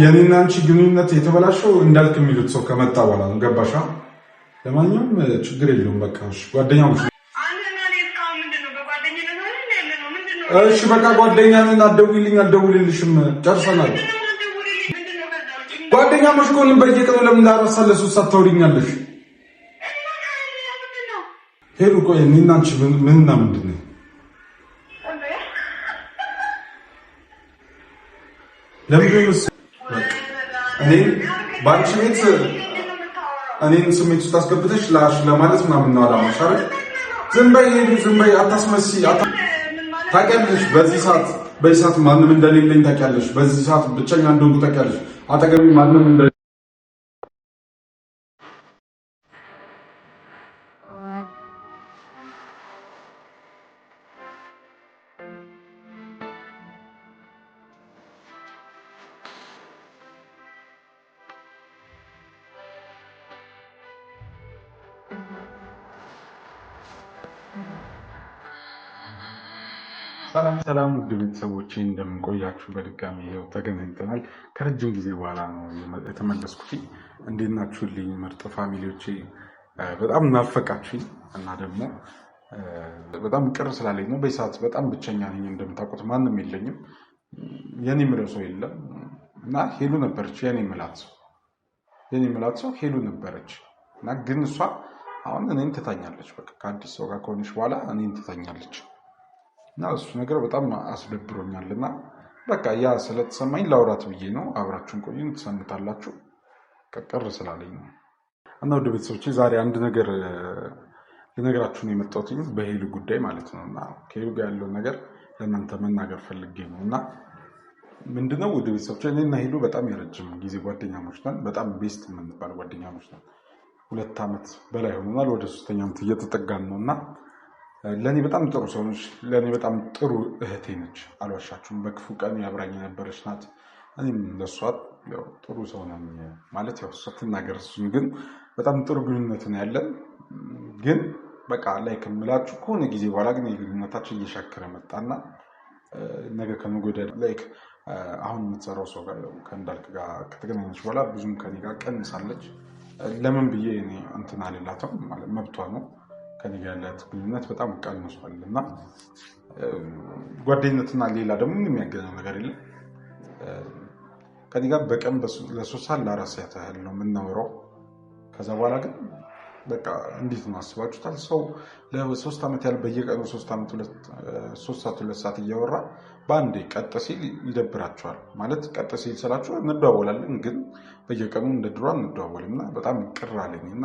የኔና አንቺ ግንኙነት የተበላሸው እንዳልክ የሚሉት ሰው ከመጣ በኋላ ነው። ገባሻ? ለማንኛውም ችግር የለውም። በቃ ጓደኛሞች እሺ በቃ ጓደኛ ነን። አትደውይልኝ፣ አልደውልልሽም። ጨርሰናል። ጓደኛሞች ከሆንን በየቀኑ ለምን እንዳረሳለ ሱስ አታውሪኛለሽ። ሄዱ ቆይ፣ እኔና አንቺ ምንና ምንድን ነው ለምንድን ነው እኔ በአንቺ ቤት እኔን ስሜት ውስጥ አስገብተሽ ላሽ ለማለት ምናምን ነው አላማሽ አይደል? ዝም በይ ዝም በይ አታስመሲ። ታውቂያለሽ በዚህ ሰዓት በዚህ ሰዓት ማንም እንደሌለኝ ታውቂያለሽ። በዚህ ሰዓት ብቸኛ እንደሆንኩ ታውቂያለሽ። አጠገቤ ማንም እንደሌለኝ ሰላም ውድ ቤተሰቦቼ እንደምንቆያችሁ በድጋሚ ይኸው ተገናኝተናል። ከረጅም ጊዜ በኋላ ነው የተመለስኩት። እንዴት ናችሁልኝ? ምርጥ ፋሚሊዎቼ በጣም ናፈቃችሁኝ እና ደግሞ በጣም ቅር ስላለኝ ነው። በሰዓት በጣም ብቸኛ ነኝ። እንደምታውቁት ማንም የለኝም፣ የኔ ምለው ሰው የለም እና ሄሉ ነበረች የኔ ምላት ሰው የኔ ምላት ሰው ሄሉ ነበረች እና ግን እሷ አሁን እኔን ትታኛለች። በቃ ከአዲስ ሰው ጋር ከሆነች በኋላ እኔን ትታኛለች። እና እሱ ነገር በጣም አስደብሮኛል እና በቃ ያ ስለተሰማኝ ላውራት ብዬ ነው። አብራችሁን ቆዩን ትሰምታላችሁ። ቀቀር ስላለኝ ነው እና ወደ ቤተሰቦች ዛሬ አንድ ነገር ልነግራችሁ ነው የመጣሁት በሄሉ ጉዳይ ማለት ነው እና ከሄሉ ጋር ያለውን ነገር ለእናንተ መናገር ፈልጌ ነው እና ምንድነው ወደ ቤተሰቦች እኔና ሄሉ በጣም የረጅም ጊዜ ጓደኛሞች ነን። በጣም ቤስት የምንባል ጓደኛሞች ነን። ሁለት ዓመት በላይ ሆኖናል። ወደ ሶስተኛ ዓመት እየተጠጋን ነው እና ለእኔ በጣም ጥሩ ሰው ነች። ለእኔ በጣም ጥሩ እህቴ ነች። አልዋሻችሁም። በክፉ ቀን ያብራኝ የነበረች ናት። እኔም ለእሷ ጥሩ ሰው ነኝ ማለት ያው እሷ ትናገር፣ እሱም ግን በጣም ጥሩ ግንኙነት ነው ያለን። ግን በቃ ላይ ከምላችሁ ከሆነ ጊዜ በኋላ ግን የግንኙነታችን እየሻከረ መጣና ነገ ከነገ ላይክ አሁን የምትሰራው ሰው ጋር ከእንዳልክ ጋር ከተገናኘች በኋላ ብዙም ከኔ ጋር ቀንሳለች። ለምን ብዬ እኔ እንትን አልላትም፣ መብቷ ነው ከኔ ጋር ያላት ግንኙነት በጣም ቀንሷል እና ጓደኝነትና ሌላ ደግሞ ምንም የሚያገኘው ነገር የለም። ከኔ ጋር በቀን ለሶስት ሰዓት ለአራት ሰዓት ያህል ነው የምናወራው። ከዛ በኋላ ግን በቃ እንዴት ነው አስባችሁታል? ሰው ለሶስት ዓመት ያህል በየቀኑ ሶስት ሰዓት ሁለት ሰዓት እያወራ በአንዴ ቀጥ ሲል ይደብራቸዋል። ማለት ቀጥ ሲል ስላችሁ እንደዋወላለን፣ ግን በየቀኑ እንደ ድሮ እንደዋወልም እና በጣም ቅር አለኝ እና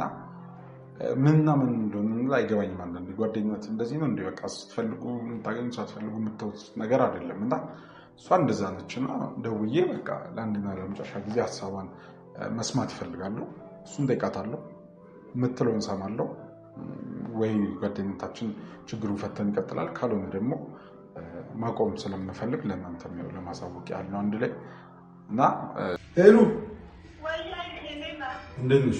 ምንና ምን እንደሆነ አይገባኝም። አንዳንድ ጓደኝነት እንደዚህ ነው። እንዲ በቃ ስትፈልጉ የምታገኙ ሳትፈልጉ የምትወት ነገር አይደለም እና እሷ እንደዛ ነች እና ደውዬ በቃ ለአንድና ለመጨረሻ ጊዜ ሀሳቧን መስማት እፈልጋለሁ። እሱን ጠይቃታለሁ፣ የምትለውን እሰማለሁ። ወይ ጓደኝነታችን ችግሩን ፈተን ይቀጥላል፣ ካልሆነ ደግሞ ማቆም ስለምፈልግ ለእናንተ ለማሳወቅ ነው አንድ ላይ እና ሄሉ እንዴት ነሽ?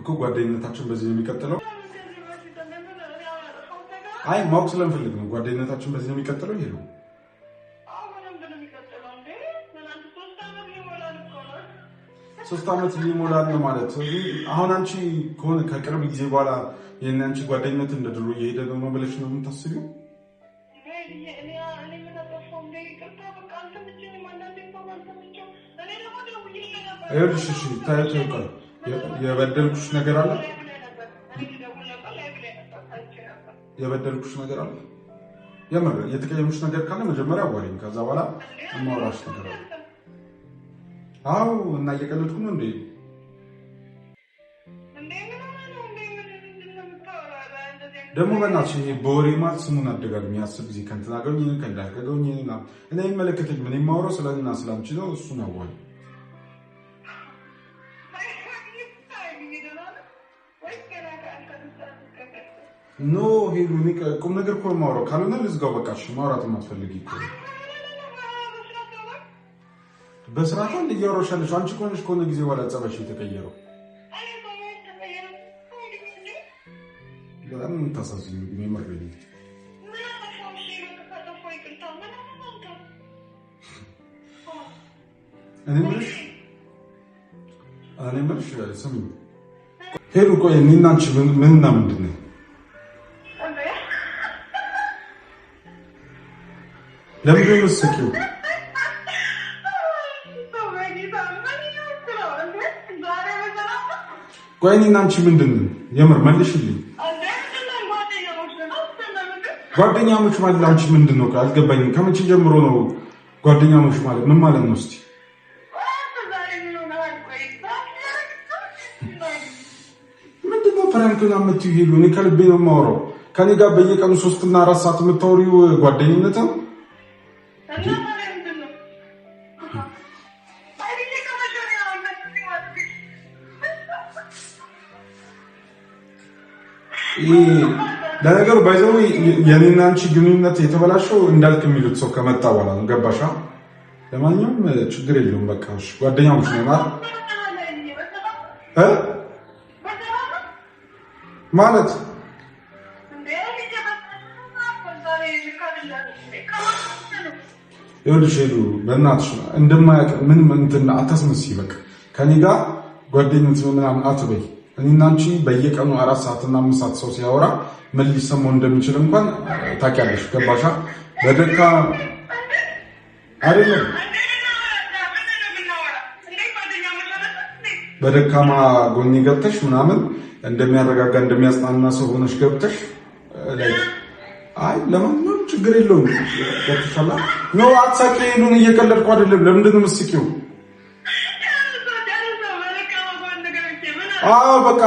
እኮ ጓደኝነታችን በዚህ ነው የሚቀጥለው። አይ ማወቅ ስለምፈልግ ነው። ጓደኝነታችን በዚህ ነው የሚቀጥለው። ይሄ ነው ሶስት ዓመት ሊሞላል ነው ማለት። አሁን አንቺ ከሆነ ከቅርብ ጊዜ በኋላ ይህን አንቺ ጓደኝነት እንደ ድሮ እየሄደ ነው ብለሽ ነው የምታስቢው? ይኸውልሽ እሺ ታየው የበደልኩሽ ነገር አለ? የበደልኩሽ ነገር አለ? የምር የተቀየምሽ ነገር ካለ መጀመሪያ አዋሪኝ፣ ከዛ በኋላ እማወራሽ ነገር አለ። አዎ እና እየቀለድኩ ነው እንዴ? ደግሞ በእናትሽ ይሄ በወሬ ማለት ስሙን አደጋግሚ የሚያስብ ጊዜ ከእንትን አገኘን ከእንዳልከ አገኘን እኔ የሚመለከተኝ ምን የማወራው ስለኔና ስለአንቺ ነው። እሱን አዋሪኝ ኖ ሄዱ ቁም ነገር እኮ የማወራው ካልሆነ ልዝጋው። በቃ ማውራት የማትፈልጊ እኮ በስርዓት አንድ እያወራሽ ያለሽው አንቺ ከሆነሽ ከሆነ ጊዜ በኋላ ጸባሽ የተቀየረው በጣም የምታሳዝኝ የምር እኔ የምልሽ ስሚ ሄዱ ቆይ እኔና አንቺ ምንና ምንድን ለምን የምትስቂው? ቆይ እኔና አንቺ ምንድን ነው የምር መልሽልኝ። ጓደኛሞች ማለት አንቺ ምንድን ነው አልገባኝም። ከመቼ ጀምሮ ነው ጓደኛሞች ማለት ምን ማለት ነው? እስኪ ምንድን ነው ፍራንክና የምትሄዱ? እኔ ከልቤ ነው የማወራው። ከኔ ጋር በየቀኑ ሶስትና አራት ሰዓት የምታወሪው ጓደኝነት ነው ለነገሩ ባይዘው የኔና አንቺ ግንኙነት የተበላሸው እንዳልክ የሚሉት ሰው ከመጣ በኋላ ነው። ገባሻ? ለማንኛውም ችግር የለውም። በቃ እሺ፣ ጓደኛሞች ማለት ይኸውልሽ ሄዱ በእናትሽ እንደማያውቅ ምን እንትን አታስመስይ። በቃ ከኔ ጋር ጓደኝነት ምናምን አትበይ። እኔ እና አንቺ በየቀኑ አራት ሰዓትና አምስት ሰዓት ሰው ሲያወራ ምን ሊሰማው እንደሚችል እንኳን ታውቂያለሽ። ገባሻ? በደካ አይደለም በደካማ ጎኔ ገብተሽ ምናምን እንደሚያረጋጋ እንደሚያጽናና ሰው ሆነሽ ገብተሽ ላይ አይ ለማንም ችግር የለውም። ገብቶሻል ነው አትሳቂ። ሄዱን እየቀለድኩ አይደለም። ለምንድን ነው የምትስቂው? አዎ በቃ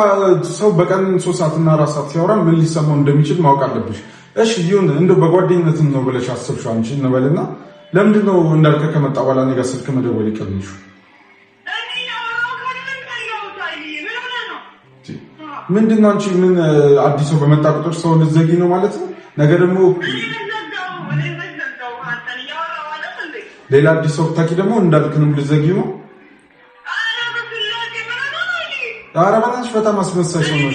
ሰው በቀን ሶስት ሰዓት እና አራት ሰዓት ሲያወራ ምን ሊሰማው እንደሚችል ማወቅ አለብሽ። እሺ ይሁን እንደ በጓደኝነት ነው ብለሽ አስብሽው አንቺ እንበልና ለምንድን ነው እንዳልከ ከመጣ በኋላ እኔ ጋር ስልክ መደወል የቀለልሽው? ምንድን ነው አንቺ ምን አዲስ ሰው በመጣ ቁጥር ሰው ልትዘጊ ነው ማለት ነው? ነገ ደግሞ ሌላ አዲስ ወቅት ታውቂ ደግሞ እንዳልክንም ልዘጊው ነው። ኧረ በእናትሽ በጣም አስመሳሽ ነው።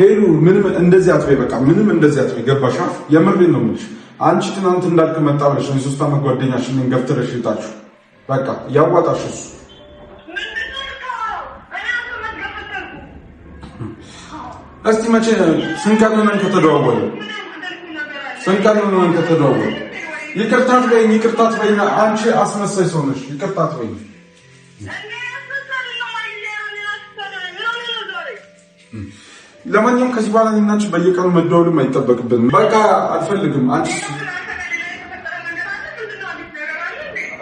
ሄሉ ምንም እንደዚህ አትበይ፣ በቃ ምንም እንደዚህ አትበይ። ገባሽ? የምሬን ነው የምልሽ። አንቺ ትናንት እንዳልክ መጣ ብለሽ ነው የሶስት ዓመት ጓደኛሽን ገፍትረሽ ይጣችሁ። በቃ ያዋጣሽ እሱ እስቲ መቼ ስንቀን ሆነን ከተደዋወልን ስንቀን ሆነን ከተደዋወልን፣ ይቅርታት በይኝ ይቅርታት በይኝ። አንቺ አስመሳይ ሰው ነሽ። ይቅርታት በይኝ ለማንኛውም ከዚህ በኋላ እናንቺ በየቀኑ መደዋወልም አይጠበቅብንም። በቃ አልፈልግም። አንቺ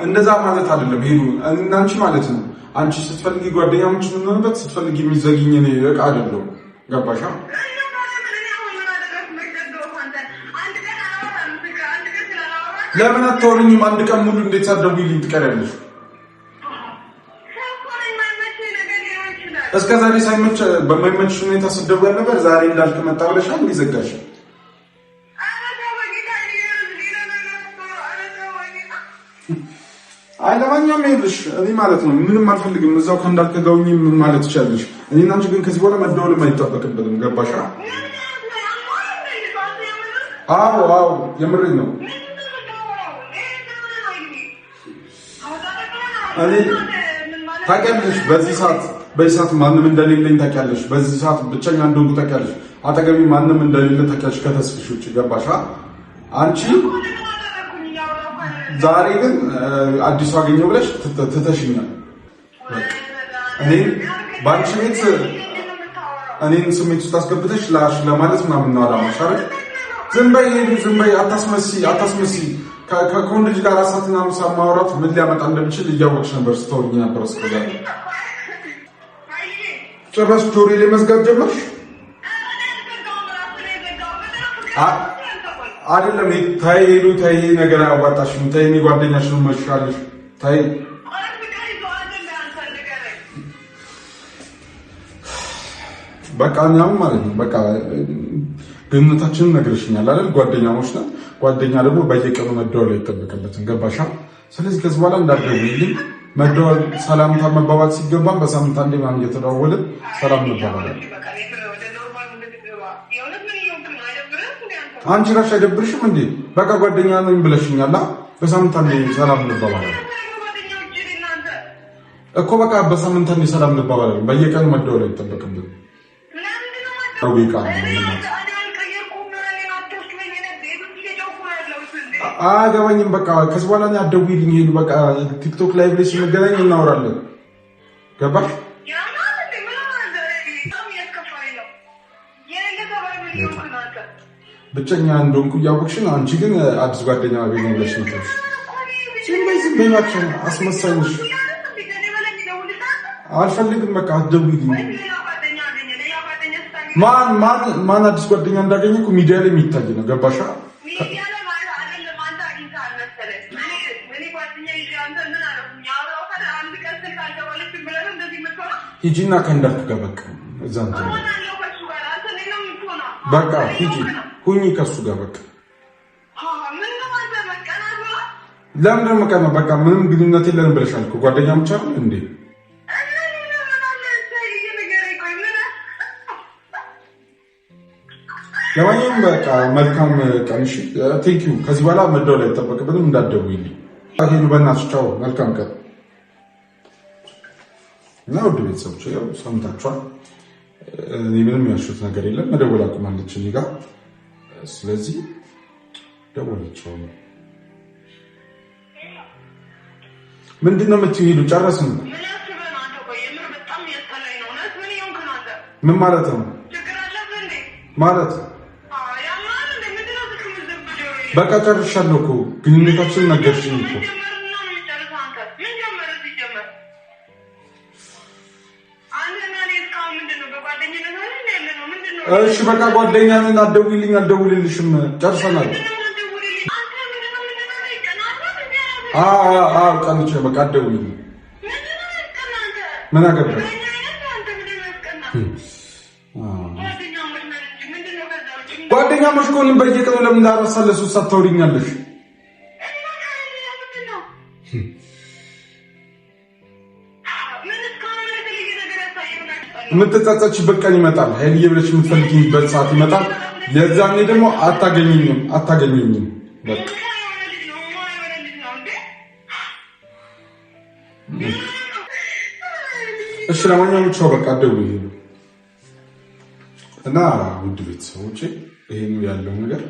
እንደዛ ማለት አይደለም። ሄዱ እናንቺ ማለት ነው። አንቺ ስትፈልጊ ጓደኛሞች የምንሆንበት ስትፈልጊ የሚዘግኝ እኔ እቃ አይደለሁም። ገባሻ? ለምን አታወሪኝም? አንድ ቀን ሙሉ እንዴት ሳትደውይልኝ ትቀሪያለሽ? እስከ ዛሬ ሳይመች በማይመችሽ ሁኔታ ስትደውይ ነበር። ዛሬ እንዳልክ መጣ ብለሻል። እንዲዘጋሽ አይለማኛም ይኸውልሽ፣ እኔ ማለት ነው ምንም አልፈልግም። እዛው ከእንዳትገውኝ ምን ማለት ትችላለሽ። እኔ እና አንቺ ግን ከዚህ በኋላ መደወልም አይጠበቅበትም። ገባሽ? አዎ አዎ፣ የምሬን ነው። እኔ ታውቂያለሽ፣ በዚህ ሰዓት በዚህ ሰዓት ማንም እንደሌለኝ ታውቂያለሽ። በዚህ ሰዓት ብቸኛ እንደሆንኩ ታውቂያለሽ። አጠገቢ ማንም እንደሌለ ታውቂያለሽ፣ ከተስፍሽ ውጭ ገባሽ? አንቺ ዛሬ ግን አዲሱ አገኘው ብለሽ ትተሽኛል። እኔ በአንቺ ቤት እኔን ስሜት ውስጥ አስገብተሽ ላሽ ለማለት ምናምን ነው አላማሽ አይደል? ዝም በይ ዝም በይ፣ አታስመሲ አታስመሲ። ከወንድ ልጅ ጋር ሳትና ምሳ ማውራት ምን ሊያመጣ እንደሚችል እያወቅሽ ነበር። ስተወኝ ነበር እስከዛ ጭራሽ ጆሮዬ ላይ መዝጋት ጀመርሽ። አይደለም ታይ ሄዱ ታይ ነገር አያዋጣሽም፣ ታይ እኔ ጓደኛሽ መሻለሽ። ታይ በቃ እኛም ማለት ነው በቃ ግንኙነታችንን ነግረሽኛል አይደል? ጓደኛሞች ነን። ጓደኛ ደግሞ በየቀኑ መደወል አይጠበቅበትም። ገባሻ? ስለዚህ ከዚህ በኋላ እንዳትደውይልኝ። መደወል ሰላምታ መባባል ሲገባ በሳምንት አንዴ ምናምን እየተደዋወልን ሰላም እንባባላለን። አንቺ ራሽ አይደብርሽም እንዴ? በቃ ጓደኛ ነኝ ብለሽኛል። በሳምንት አንዴ ሰላም እንባባላለን እኮ በቃ በሳምንት አንዴ ሰላም እንባባላለን። በየቀኑ መደወል አይጠበቅብን። አያገባኝም። በቃ ከዚህ በኋላ አትደውይልኝ። በቃ ቲክቶክ ላይ ብለሽ ስንገናኝ እናወራለን። ገባሽ? ብቸኛ እንደሆንኩ እያወቅሽ ነው። አንቺ ግን አዲስ ጓደኛ ቤነለሽ ነሽ። ስለዚህ አስመሳይሽ። አልፈልግም፣ በቃ አትደውይልኝ። ማን ማን ማን አዲስ ጓደኛ እንዳገኘ እኮ ሚዲያ ላይ የሚታይ ነው። ገባሽ? ሂጂና ከእንዳልክ በቃ እዛ በቃ ሂጂ ሁኚ ከሱ ጋር በቃ ለምን በቃ ምንም ግንኙነት የለንም ብለሻል ጓደኛ ብቻ ነው እንዴ? ለማንኛውም በቃ መልካም ቀን። ቴንክ ዩ። ከዚህ በኋላ መደወል አይጠበቅብንም። እንዳትደውይልኝ ሄዱ። በእናትሽ ቻው፣ መልካም ቀን እና ውድ ቤተሰቦች ያው ሰምታችኋል። እኔ ምንም ያልሽት ነገር የለም። መደወል አቁማለች እኔ ጋር ስለዚህ ደወለችው። ምንድን ነው የምትይው? ሄዱ ጨረስን። ምን ማለት ነው ማለት በቃ ጨርሻለሁ እኮ ግንኙነታችን ነገርሽኝ እኮ እሺ በቃ ጓደኛ ነን፣ አትደውይልኝ፣ አልደውልልሽም። ጨርሰናል። አዎ ቀንቼ በቃ አደውልኝ። ምን አገባሽ? ጓደኛ መሽኮን በየቀኑ ለምን እንዳረሳለሱ ሳታውሪኛለሽ የምትጸጸችበት በቀን ይመጣል። ሄልዬ ብለሽ የምትፈልጊበት ሰዓት ይመጣል። የዛኔ ደግሞ አታገኝኝም አታገኝኝም በቃ እሺ ለማንኛውም ቻው። በቃ ደውዬ እና ውድ ቤተሰቦቼ ይሄ ነው ያለው ነገር።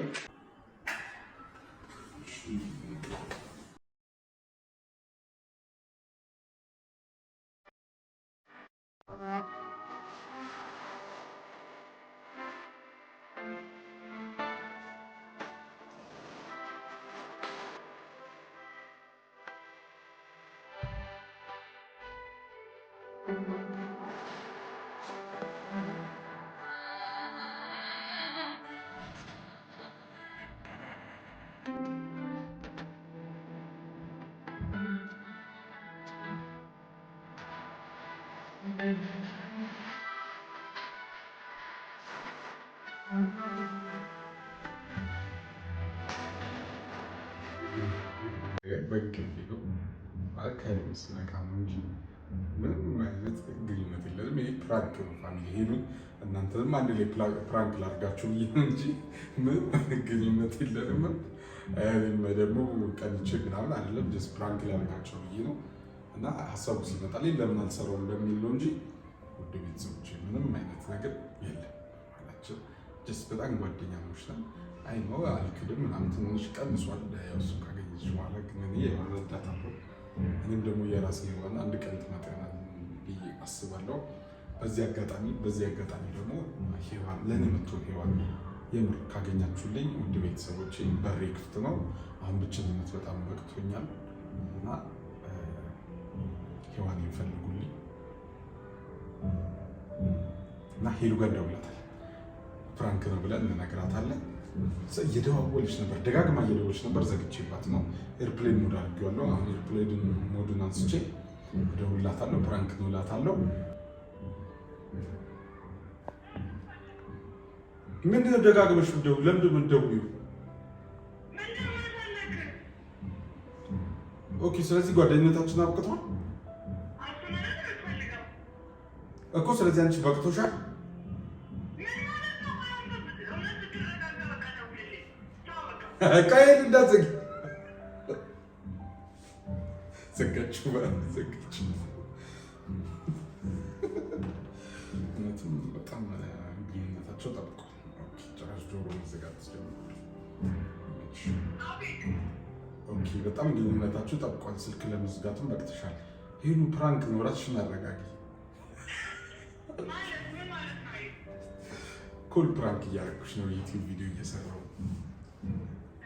It can be open. I can, it's like I'm losing. ምንም አይነት ግንኙነት የለንም። ይሄ ፕራንክ ነው። ፋሚሊ ሄዱን እናንተም አንድ ላይ ፕራንክ ላድርጋችሁ ብዬ እንጂ ምንም ግንኙነት የለንም። ደግሞ ቀንቼ ምናምን አይደለም፣ ጀስት ፕራንክ ላድርጋቸው ብዬ ነው እና ሀሳቡ ሲመጣልኝ ለምን አልሰራውም በሚል ነው እንጂ ውድ ቤተሰቦች ምንም አይነት ነገር የለም ጀስት በጣም ጓደኛሞች ነን። አይ ነው አልክድም ምናምን ትንሽ ቀንሷል። ያው እሱ ካገኘች በኋላ ግን እኔ የሆነ እርዳታ እኔም ደግሞ የራሴ የሆነ አንድ ቀን ጥናት ብዬ አስባለሁ። በዚህ አጋጣሚ በዚህ አጋጣሚ ደግሞ ሔዋን ለእኔ የምትሆን ሔዋን የምር ካገኛችሁልኝ ውድ ቤተሰቦች በሬ ክፍት ነው። አሁን ብቸኝነት በጣም በቅቶኛል እና ሄዋን ይፈልጉልኝ እና ሄዱ ጋር ደውላታል። ፍራንክ ነው ብለን እንነግራታለን። እየደዋወለች ነበር፣ ደጋግማ እየደወለች ነበር። ዘግቼባት ነው። ኤርፕሌን ሞድ አድርጌዋለሁ። አሁን ኤርፕሌን ሞድን አንስቼ እደውልላታለሁ፣ ፕራንክ እውላታለሁ። ምንድን ነው ደጋግመሽ የምትደውይው? ለምንድን ነው የምትደውይው? ኦኬ፣ ስለዚህ ጓደኝነታችን አብቅቷል እኮ። ስለዚህ አንቺ በቅቶሻል። ቀይን እንዳትዘጊ ዘጋችሁ ዘጋችሁ። እውነትም በጣም ግንኙነታቸው ጠብቋል። ጭራሽ ጆሮ መዘጋት ጀምሯል። በጣም ግንኙነታችሁ ጠብቋል። ስልክ ለመዝጋቱም በቅተሻል። ሄሉ ፕራንክ ነው። እራስሽን አረጋጊ። ኮል ፕራንክ እያደረኩሽ ነው። ዩቲዩብ ቪዲዮ እየሰራሁ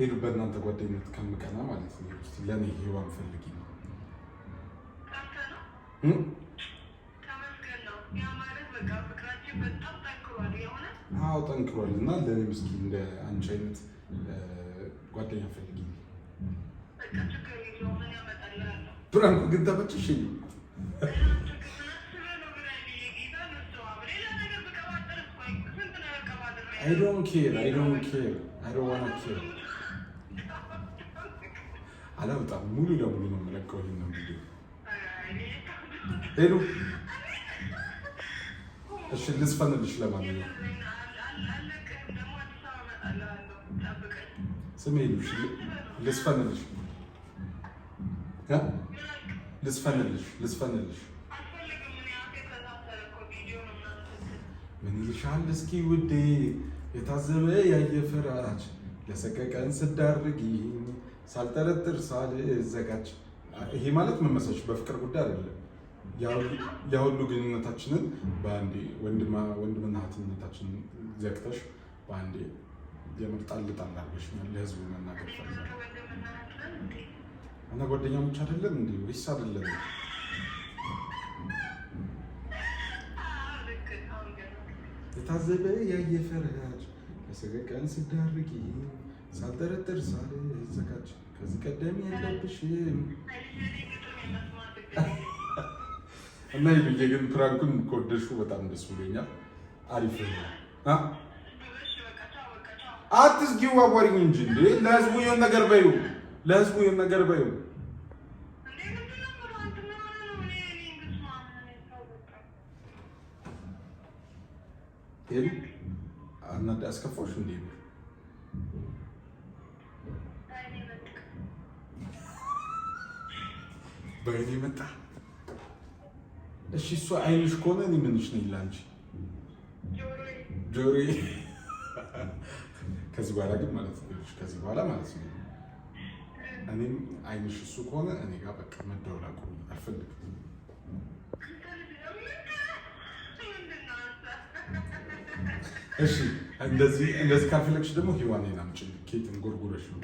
ሄዱበት በእናንተ ጓደኝነት ከምቀና ማለት ነው። እስቲ ለኔ ሄዋን ፈልጊ ነው አዎ ጠንክሯል። እና ለኔ ምስኪ እንደ አንቺ አይነት ጓደኛ ፈልጊ። ፕራንኩ ግን ተመችሽ ነው I don't care. I don't care. I don't want to አላወጣም። ሙሉ ለሙሉ ነው የምለቀው። ይሄን ነው ቪዲዮ ሄዱ። እሺ ልዝፈንልሽ። ለማንኛውም ስሜ ሄዱ። ልዝፈንልሽ ልዝፈንልሽ ልዝፈንልሽ ምን ይልሻል እስኪ ውዴ የታዘበ ያየ ፍራች ለሰቀቀን ስዳርጊኝ ሳልጠረጥር ሳልዘጋጅ ይሄ ማለት ምን መሰለሽ፣ በፍቅር ጉዳይ አይደለም። ያሁሉ ግንኙነታችንን በአንዴ ወንድምና እህትነታችንን ዘግተሽ በአንዴ የመጣል አርገሽ አድርገሽ ለህዝቡ መናገር ፈልጋለሁ እና ጓደኛሞች አይደለም እንዲ ወይስ አይደለም? የታዘበ ያየ ፈረጅ በሰቀቀን ስዳርጊ ሳልጠረጥር ሳል ዘጋጅ ከዚህ ቀደም የለብሽም እና ይብዬ ግን ፕራንኩን ከወደድሽው በጣም ደስ ብሎኛል። አሪፍ ነው። አትዝጊው አዋሪኝ እንጂ እንዴ ለህዝቡ የሆነ ነገር በዩ፣ ለህዝቡ የሆነ ነገር በዩ። አስከፋሽ እንዴ? በእኔ መጣ። እሺ እሱ አይንሽ ከሆነ እኔ ምንሽ ነኝ ላንቺ? ጆሮዬ። ከዚህ በኋላ ግን ማለት ነው ከዚህ በኋላ ማለት ነው እኔም አይንሽ እሱ ከሆነ እኔ ጋር በቃ መደወል አቁም፣ አልፈልግም። እሺ እንደዚህ እንደዚህ ካልፈለግሽ ደግሞ ኬትን ጎርጎረሽ ነው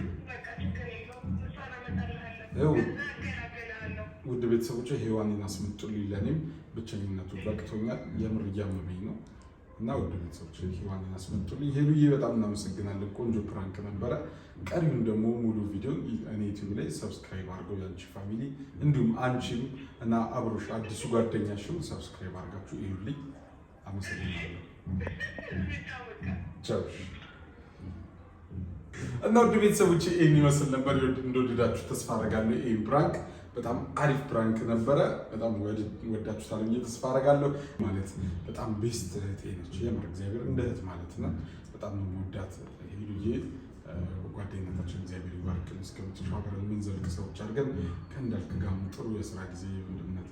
ውድ ቤተሰቦች ሔዋንን አስመጡልኝ፣ ለእኔም ብቸኝነቱ በቅቶኛል። የምር እያመመኝ ነው እና ውድ ቤተሰቦች ሔዋንን አስመጡልኝ። ሄሉዬ በጣም እናመሰግናለን። ቆንጆ ፕራንክ ነበረ። ቀሪውን ደግሞ ሙሉ ቪዲዮ እኔ ዩቲዩብ ላይ ሰብስክራይብ አድርገው የአንቺ ፋሚሊ እንዲሁም አንቺም እና አብሮሽ አዲሱ ጓደኛሽም ሰብስክራይብ አድርጋችሁ ይሁልኝ። አመሰግናለሁ። እና ውድ ቤተሰቦች ይህን ይመስል ነበር። እንደወደዳችሁ ተስፋ አደርጋለሁ ይህ ፕራንክ በጣም አሪፍ ፕራንክ ነበረ። በጣም ወዳችሁታል ብዬ ተስፋ አደርጋለሁ። ማለት በጣም ቤስት እህቴ ነች የምር እግዚአብሔር እንደ እህት ማለት ነው። በጣም ነው መወዳት ሄዱዬ ጓደኝነታችን እግዚአብሔር ይባርክ። እስከ መጨረሻው ሀገር የምንዘልቅ ሰዎች አድርገን ከእንዳልክ ጋርም ጥሩ የስራ ጊዜ ወንድምነት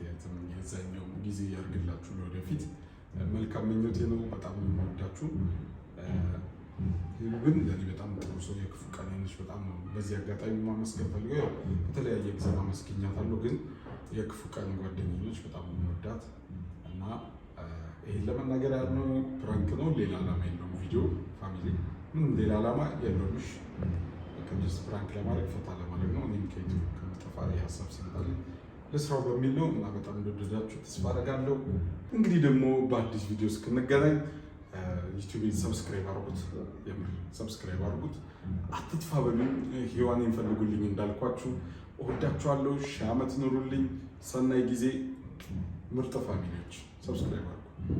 የዛኛው ጊዜ ያርግላችሁ ወደፊት መልካም ምኞቴ ነው። በጣም ነው ግን ለእኔ በጣም ጥሩ ሰው የክፉ ቀን ነች። በጣም ነው በዚህ አጋጣሚ ማመስገን ፈልገው ያው በተለያየ ጊዜ ማመስገኛታለሁ፣ ግን የክፉ ቀን ጓደኛ ነች። በጣም የምወዳት እና ይህን ለመናገር ያልነው ፕራንክ ነው። ሌላ ዓላማ የለውም። ቪዲዮ ፋሚሊ ምንም ሌላ ዓላማ የለውምሽ። ቅንጅስ ፕራንክ ለማድረግ ፈታ ለማድረግ ነው። እኔም ከኢትዮ ከመጠፋ ሀሳብ ሲመጣልኝ ለስራው በሚል ነው እና በጣም እንደወደዳችሁ ተስፋ አደርጋለሁ። እንግዲህ ደግሞ በአዲስ ቪዲዮ እስክንገናኝ ዩቲዩብን ሰብስክራይብ አድርጉት፣ የምር ሰብስክራይብ አድርጉት። አትጥፋ በሉኝ፣ ህይዋን ይፈልጉልኝ። እንዳልኳችሁ እወዳችኋለሁ። ሺህ ዓመት ኑሩልኝ። ሰናይ ጊዜ። ምርጥ ፋሚሊዎች ሰብስክራይብ አድርጉ።